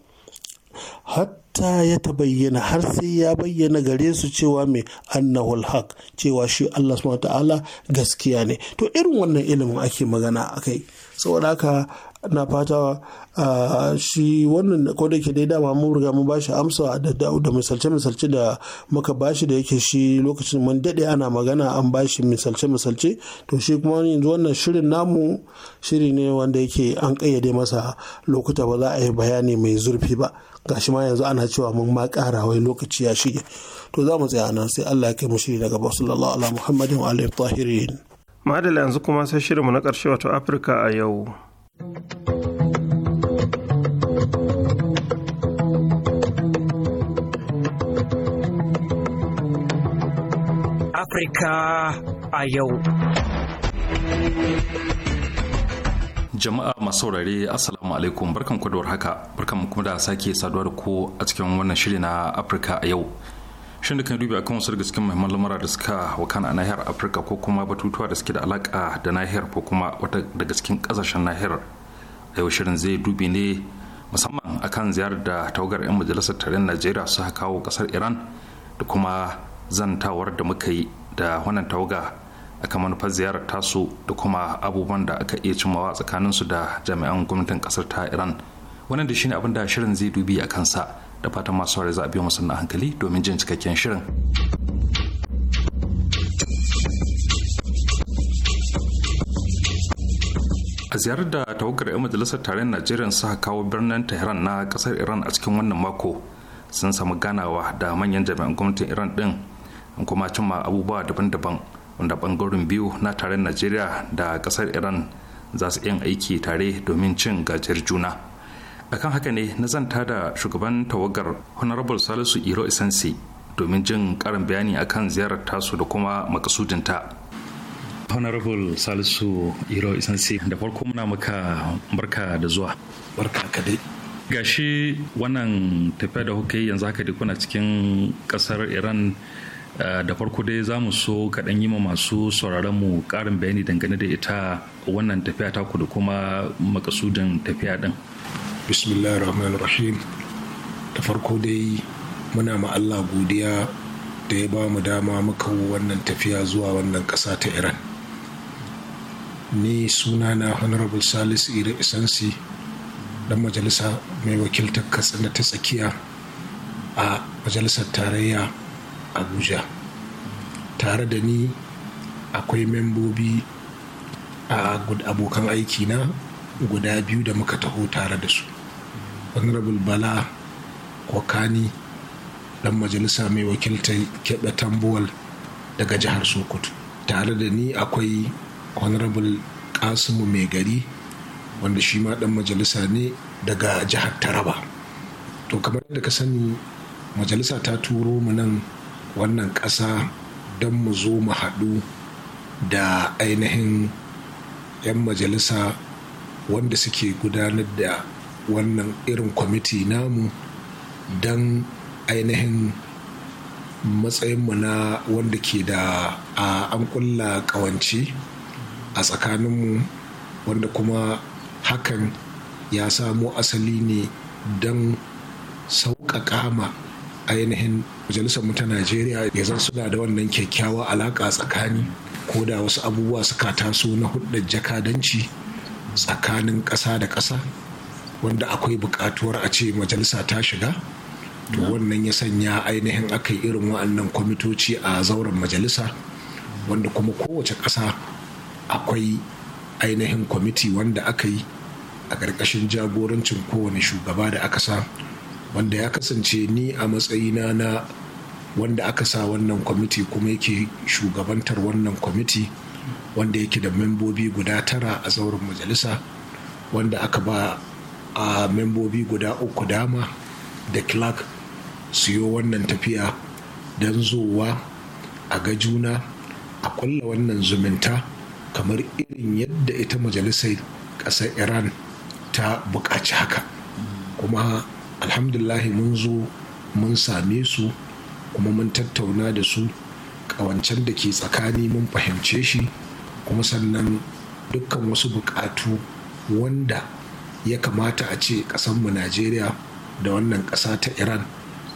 S8: hatta ya ta bayyana har sai ya bayyana gare su cewa mai annahul haq cewa shi Allah subhanahu ta'ala gaskiya ne to irin wannan ilimin ake magana akai saboda haka na fata shi wannan ko da ke dai dama mun riga mun shi amsa da misalce-misalce da muka bashi da yake shi lokacin mun daɗe ana magana an bashi misalce-misalce to shi kuma yanzu wannan shirin namu shiri ne wanda yake an ƙayyade masa lokuta ba za a yi bayani mai zurfi ba gashi ma yanzu ana cewa mun ma kara wai lokaci ya shige to za mu tsaya nan sai Allah ya kai mu shiri daga
S2: sallallahu ala muhammadin wa alihi tahirin madalla yanzu kuma sai shirinmu na ƙarshe wato afirka a yau Afirka
S5: a yau.
S3: Jama'a masu saurare Assalamu alaikum barkan kwadowar haka barkan kuma da sake saduwa da ku a cikin wannan shiri na Afirka a yau. shin da kan dubi akan wasu daga cikin muhimman lamura da suka wakana a nahiyar afirka ko kuma batutuwa da suke da alaka da nahiyar ko kuma wata daga cikin kasashen nahiyar a yau shirin zai dubi ne musamman akan ziyarar da tawagar 'yan majalisar tarayyar najeriya su kawo kasar iran da kuma zantawar da muka yi da wannan tawaga aka manufar ziyarar tasu da kuma abubuwan da aka iya cimawa su da jami'an gwamnatin kasar ta iran wannan da shine abin da shirin zai dubi a kansa da fatan masu saurari za a biyo na hankali domin jin cikakken shirin. a ziyarar da tawagar 'yan majalisar tarayyar najeriya suka kawo birnin tehran na kasar iran a cikin wannan mako sun samu ganawa da manyan jami'an gwamnatin iran din an kuma cimma abubuwa daban-daban wanda bangaren biyu na tarayyar najeriya da kasar iran za su yin aiki tare domin cin gajiyar juna akan haka ne na zanta da shugaban tawagar honorable salisu iro isansi domin jin karin bayani akan ziyarar tasu da kuma makasudinta honorable salisu iro isansi da farko muna maka barka da zuwa barka ka dai gashi wannan tafiya da hukai yanzu haka dai kuna cikin kasar iran eh, da farko dai za mu so kaɗan yi ma masu sauraron mu ƙarin bayani dangane da ita wannan tafiya taku da kuma makasudin tafiya ɗin bismillah rahman rahim
S9: ta farko dai muna ma Allah godiya da ya ba mu dama muka wannan tafiya zuwa wannan ƙasa ta iran ni suna sunana honorable salis ira isansi dan majalisa mai wakiltar katsina ta tsakiya a majalisar tarayya abuja tare da ni akwai membobi a abokan aiki na guda biyu da muka taho tare da su honorable bala Kokani, dan majalisa mai wakiltar keɓe tambuwal daga jihar sokoto tare da ni akwai honorable kasimu mai gari wanda shi ma dan majalisa ne daga jihar taraba to kamar da ka sani majalisa ta turo mu nan wannan ƙasa don mu zo mu haɗu da ainihin 'yan majalisa wanda suke gudanar da wannan irin kwamiti namu don ainihin matsayinmu na wanda ke da an kulla kawanci a tsakaninmu wanda kuma hakan ya samo asali ne don sauƙaƙa ma ainihin majalisar mu ta najeriya ya zan suna da wannan kyakkyawa alaƙa tsakani ko da wasu abubuwa suka taso na hudar jakadanci tsakanin ƙasa da ƙasa wanda akwai bukatuwar a ce majalisa ta shiga to wannan ya sanya ainihin aka irin wa'annan kwamitoci a zauren majalisa wanda kuma kowace ƙasa akwai ainihin kwamiti wanda aka yi a ƙarƙashin jagorancin kowane shugaba da aka sa wanda ya kasance ni a matsayina na wanda aka sa wannan kwamiti kuma yake shugabantar wannan kwamiti wanda yake da membobi guda tara a zauren majalisa wanda aka ba a membobi guda uku dama da clark siyo wannan tafiya don zuwa a ga juna a kulla wannan zumunta kamar irin yadda ita majalisar ƙasar iran ta buƙaci haka kuma alhamdulahi mun zo mun same su kuma mun tattauna da su ƙawancen da ke tsakani mun fahimce shi kuma sannan dukkan wasu buƙatu wanda ya kamata a ce ƙasanmu najeriya da wannan ƙasa ta iran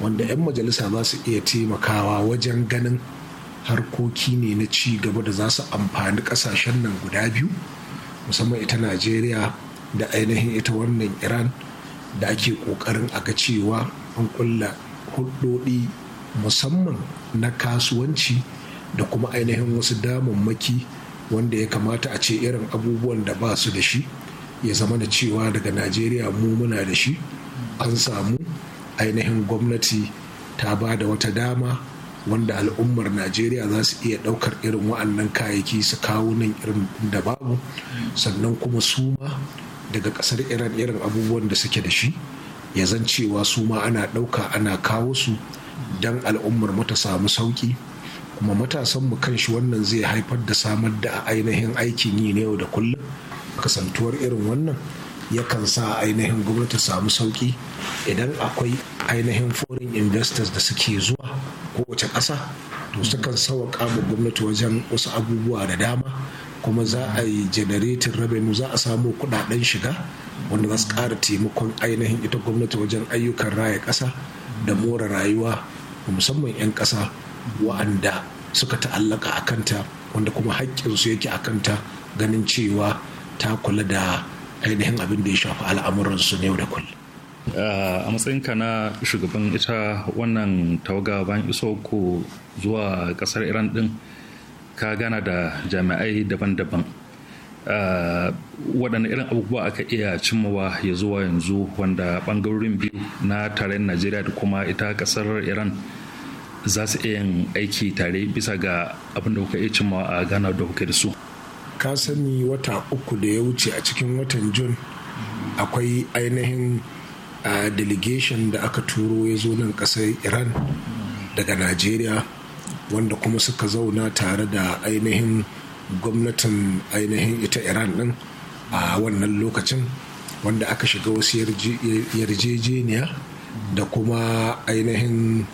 S9: wanda 'yan majalisa za su iya taimakawa wajen ganin harkoki ne na ci gaba da za su amfani ƙasashen nan guda biyu musamman ita najeriya da ainihin ita wannan iran da ake ƙoƙarin a ga cewa an kulla hulɗoɗi musamman na kasuwanci da kuma ainihin wasu damammaki wanda ya kamata a ce irin abubuwan da ba su da shi ya zama da cewa daga najeriya mu muna da shi an samu ainihin gwamnati ta ba da wata dama wanda al'ummar najeriya za su iya daukar irin wa'annan kayayyaki su kawo nan irin da babu sannan kuma su ma daga kasar iran irin abubuwan da suke da shi ya zan cewa su ma ana dauka ana kawo su don al'ummar mu ta samu sauki kuma matasan mu kan shi wannan zai haifar da samar da ainihin aikin yi na yau da kullum kasantuwar irin wannan yakan sa ainihin gwamnati samu sauki idan akwai ainihin foreign investors da suke zuwa kowace ƙasa to sukan sauƙa ma gwamnati wajen wasu abubuwa da dama kuma za a yi generating revenue za a samu kudaden shiga wanda za su ƙara taimakon ainihin ita gwamnati wajen ayyukan raya ƙasa da more rayuwa musamman 'yan ƙasa wa'anda suka ta'allaka a kanta wanda kuma haƙƙinsu yake akanta ganin cewa ta kula
S3: da ainihin abin da ya shafi al'amuransu ne da kullum a matsayinka na shugaban ita wannan tawaga bayan iso ku zuwa kasar iran din ka gana da jami'ai daban-daban waɗanne irin abubuwa aka iya cimmawa ya zuwa yanzu wanda ɓangarorin biyu na tare najeriya da kuma ita kasar iran za su iya yin aiki tare bisa ga abin da kuka iya cimmawa a gana da kuka da su ka sani
S9: wata uku
S3: da ya wuce a
S9: cikin watan jun akwai ainihin a delegation da aka turo ya zo nan kasar iran daga nigeria wanda kuma suka zauna tare da ainihin gwamnatin ainihin ita iran din a wannan lokacin wanda aka shiga wasu yarjejeniya da kuma ainihin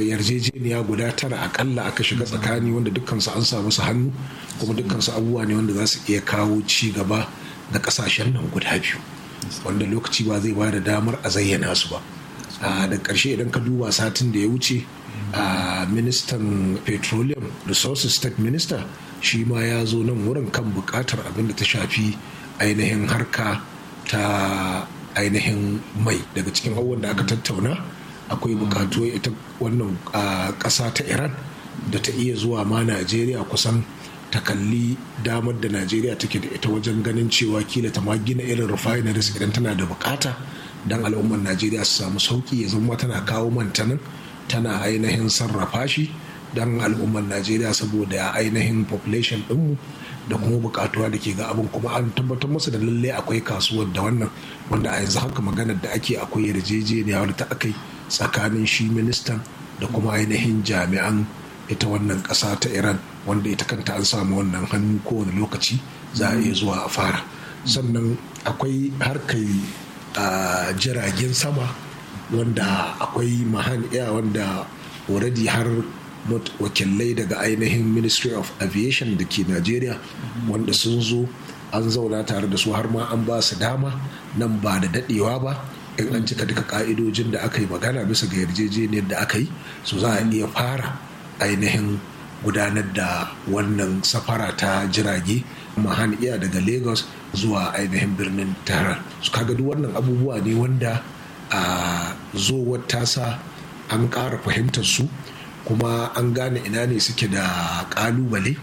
S9: yarjejeniya guda tara akalla aka shiga tsakani wanda dukkansu an samu su hannu kuma dukkansu abubuwa ne wanda za su iya kawo ci gaba ga kasashen nan guda biyu wanda lokaci ba zai ba da damar a zayyana su ba da ƙarshe idan ka duba satin da ya wuce ministan petroleum resources state minister shi ma ya zo nan wurin kan buƙatar abin da ta shafi ainihin harka ta ainihin mai daga cikin abubuwan da aka tattauna akwai bukatu ita wannan ƙasa ta iran da ta iya zuwa ma najeriya kusan ta kalli damar da najeriya take da ita wajen ganin cewa kila ta ma gina irin refineries idan tana da bukata don al'ummar najeriya su samu sauki ya zama tana kawo mantanin tana ainihin sarrafa shi don al'ummar najeriya saboda ainihin population dinmu da kuma bukatuwa da ke ga abin kuma an tabbatar musu da lalle akwai kasuwar da wannan wanda a yanzu haka maganar da ake akwai yarjejeniya wadda ta akai tsakanin shi ministan da kuma ainihin jami'an ita wannan ƙasa ta iran wanda ita kanta an samu wannan hannu kowane lokaci za a iya zuwa a fara sannan akwai harkai a jiragen sama wanda akwai mahan iya wanda already har wakilai daga ainihin ministry of aviation da ke nigeria wanda sun zo an zauna tare da su har ma an ba su dama nan ba da dadewa ba in an cika duka ka'idojin da aka yi magana bisa ga yarjejeniyar da aka yi su za a iya fara ainihin gudanar da wannan safara ta jirage iya daga lagos zuwa ainihin birnin tehran su kaga duk wannan abubuwa ne wanda a zowar sa an ƙara fahimtar su kuma an gane ina ne suke da ƙalubale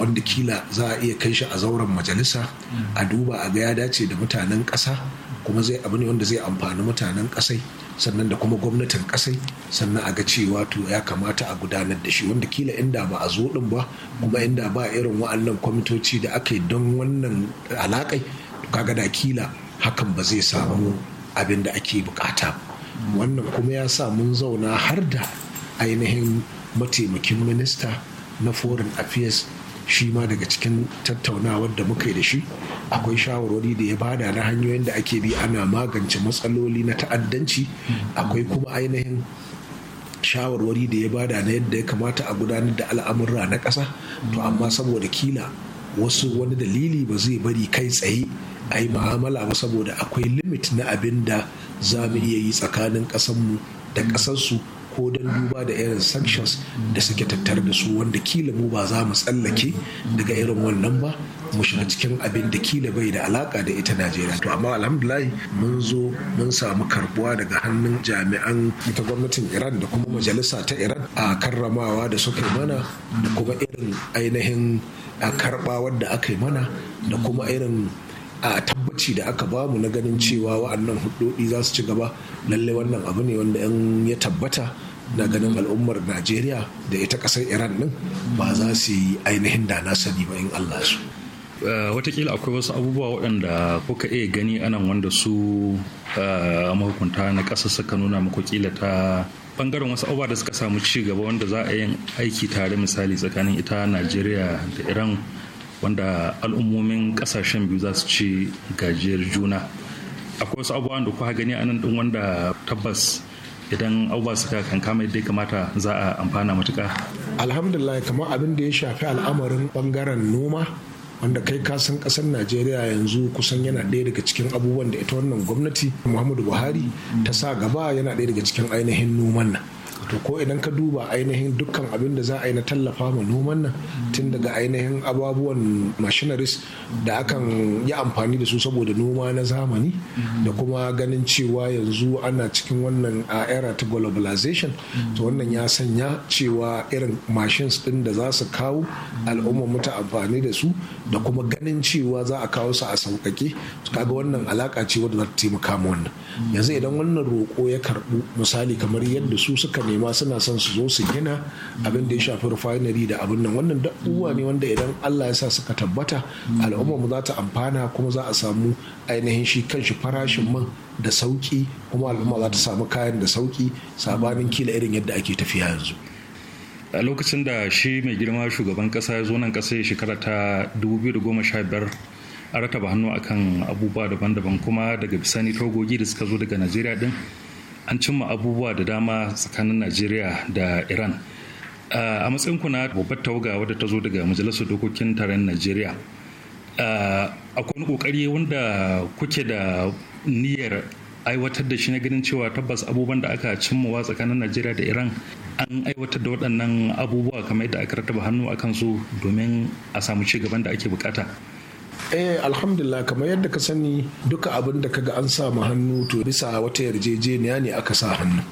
S9: wanda kila za a iya kai shi a zauren majalisa a duba a ga ya dace da mutanen ƙasa kuma zai abu ne wanda zai amfani mutanen kasai sannan da kuma gwamnatin kasai sannan a ga cewa to ya kamata a gudanar da shi wanda kila inda ba a zo din ba kuma inda ba irin wa'annan kwamitoci da aka yi don wannan alakai kaga da kila hakan ba zai samu abin da ake bukata wannan kuma ya sa mun zauna har da ainihin mataimakin minista na foreign affairs shi ma daga cikin tattaunawar da muka yi da shi akwai shawarwari da ya bada na hanyoyin da ake bi ana magance matsaloli na ta'addanci akwai kuma ainihin shawarwari da ya bada na yadda ya kamata a gudanar da al'amurra na ƙasa to amma saboda kila wasu wani dalili ba zai bari kai tsaye a yi ma'amala ba saboda akwai limit na abin da za mu iya yi tsakanin ƙasanmu da ƙasarsu ko don duba da irin sanctions da suke tattare da su wanda kila mu ba za mu tsallake daga irin wannan ba mu shiga cikin abin da kila bai da alaka da ita najeriya to amma alhamdulahi mun zo mun samu karbuwa daga hannun jami'an Ita gwamnatin iran da kuma majalisa ta iran a karramawa da suka mana da kuma irin ainihin a karba wadda aka yi mana da kuma irin a tabbaci da aka bamu na ganin cewa wa'annan hudodi za su ci gaba lalle wannan abu ne wanda yan ya tabbata na ganin al'ummar najeriya da ita kasar iran din ba za su yi ainihin da na sani ba in allah su
S3: eh, watakila akwai wasu abubuwa waɗanda kuka iya gani anan wanda su eh, mahukunta na ƙasa suka nuna muku kila ta bangaren wasu abubuwa da suka samu ci gaba wanda za a yin aiki tare misali tsakanin ita najeriya da iran wanda al'ummomin kasashen biyu za su ci gajiyar juna akwai wasu abubuwan da kuka gani a nan din wanda tabbas idan abubuwa suka kankama yadda kamata za a amfana matuka
S9: alhamdulillah kamar abin da ya shafi al'amarin bangaren noma wanda kai kasan kasar najeriya yanzu kusan yana ɗaya daga cikin abubuwan da ita wannan gwamnati muhammadu buhari ta sa gaba yana ɗaya daga cikin ainihin noman nan to ko idan ka duba ainihin dukkan abin da za a yi na tallafa ma noman nan tun daga ainihin ababuwan machineries da akan yi amfani da su saboda noma na zamani da kuma ganin cewa yanzu ana cikin wannan a era ta globalization to wannan ya sanya cewa irin machines din da za su kawo al'umma mutu amfani da su da kuma ganin cewa za a kawo su a sauƙaƙe kaga wannan alaka ce wadda za ta taimaka wannan yanzu idan wannan roƙo ya karɓu misali kamar yadda su suka nemi ma suna son su zo su gina abin da ya shafi refinery da abin nan wannan da uwa ne wanda idan Allah ya sa suka tabbata al'umma mu za ta amfana kuma za a samu ainihin shi kanshi farashin man da sauki kuma al'umma za
S3: ta samu kayan da sauki sabanin kila irin yadda ake tafiya yanzu a lokacin da shi mai girma shugaban kasa ya zo nan kasa shekara ta 2015 a rataba hannu akan abubuwa daban-daban kuma daga bisani togogi da suka zo daga najeriya din an cimma abubuwa da dama tsakanin najeriya da iran a matsayin na babbar tawaga wadda ta zo daga majalisar dokokin taron najeriya akwai kokari wanda kuke da niyyar aiwatar da shi na ganin cewa tabbas abubuwan da aka cimmawa tsakanin najeriya da iran an aiwatar da waɗannan abubuwa kamar yadda aka rataba hannu a kansu domin a samu ci gaban da ake bukata
S9: eh alhamdulillah kamar yadda ka sani duka abin da kaga an sa mu hannu to bisa wata yarjejeniya ne aka sa hannu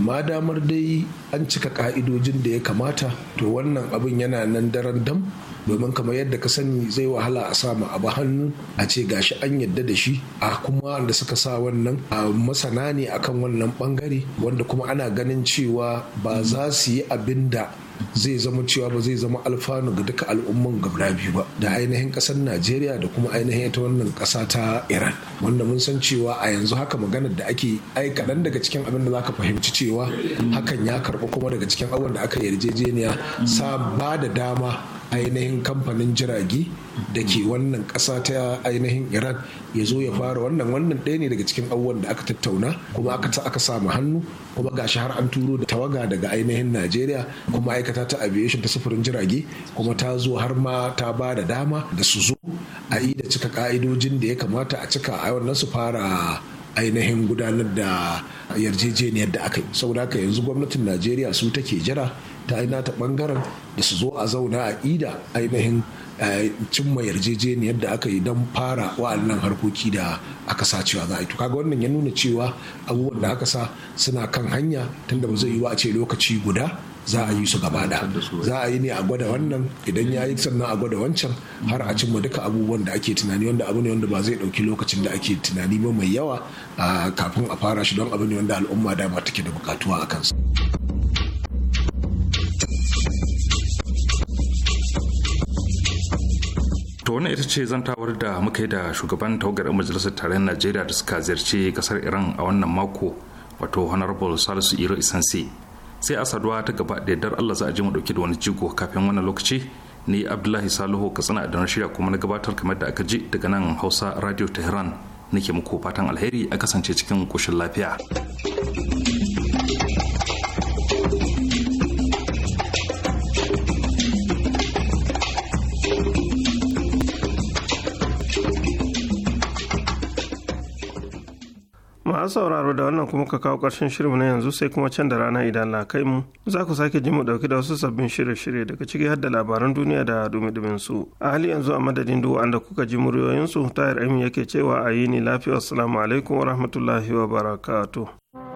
S9: ma damar dai an cika ka'idojin da ya kamata to wannan abin yana nan daren dam domin kamar yadda ka sani zai wahala a sama abu hannu a ce gashi an yadda da shi a kuma da suka sa wannan a masana ne akan wannan bangare wanda kuma ana ganin cewa ba za su yi abinda. zai zama cewa ba zai zama alfanu ga duka al'umman gabna biyu ba da ainihin kasar najeriya da kuma ainihin ita wannan kasa ta iran wanda mun san cewa a yanzu haka maganar da ake ai kaɗan daga cikin abin da za ka fahimci cewa hakan ya karɓi kuma daga cikin abubuwan da aka yarjejeniya sa ba da dama ainihin kamfanin jirage da ke wannan ƙasa ta ainihin iran ya zo ya fara wannan wannan ɗaya ne daga cikin abubuwan da aka tattauna kuma aka ta aka samu hannu kuma gashi har an turo da tawaga daga ainihin najeriya kuma aikata ta aviation ta sufurin jirage kuma ta zo har ma ta ba da dama da su zo a yi da cika ka'idojin da ya kamata a cika a wannan su fara ainihin gudanar da yarjejeniyar da aka yi saboda haka yanzu gwamnatin najeriya su take jira ta yi ta bangaren da su zo a zauna a ida ainihin eh, cimma yarjejeniyar da aka yi don fara wa'annan harkoki da aka sa cewa za a yi to kaga wannan ya nuna cewa abubuwan da aka sa suna kan hanya tunda ba zai yi wa a ce lokaci guda za a yi su gaba da za a yi ne a gwada wannan idan ya yi sannan a gwada wancan har a cimma duka abubuwan da ake tunani wanda abu ne wanda ba zai dauki lokacin da ake tunani ba mai yawa ah, kafin a fara shi don abu ne wanda al'umma dama take da bukatuwa a kansa.
S3: to wannan ita ce zantawar da muka yi da shugaban tawagar majalisar tarayyar najeriya da suka ziyarci kasar iran a wannan mako wato honorable salisu iro isanse sai a saduwa ta gaba da yardar allah za a ji mu dauke da wani jigo kafin wannan lokaci ni abdullahi salihu katsina da na shirya kuma na gabatar kamar da aka ji daga nan hausa radio tehran nake muku fatan alheri a kasance cikin koshin lafiya.
S2: masu sauraro da wannan kuma ka kawo ƙarshen shirin na yanzu sai kuma can da rana idan na kai mu za ku sake ji mu ɗauki da wasu sabbin shirye-shirye daga ciki har da labaran duniya da dumi-dumin su a hali yanzu a madadin duk da kuka ji muryoyin su tayar amin yake cewa a yi ni lafiya assalamu alaikum wa rahmatullahi wa barakatuh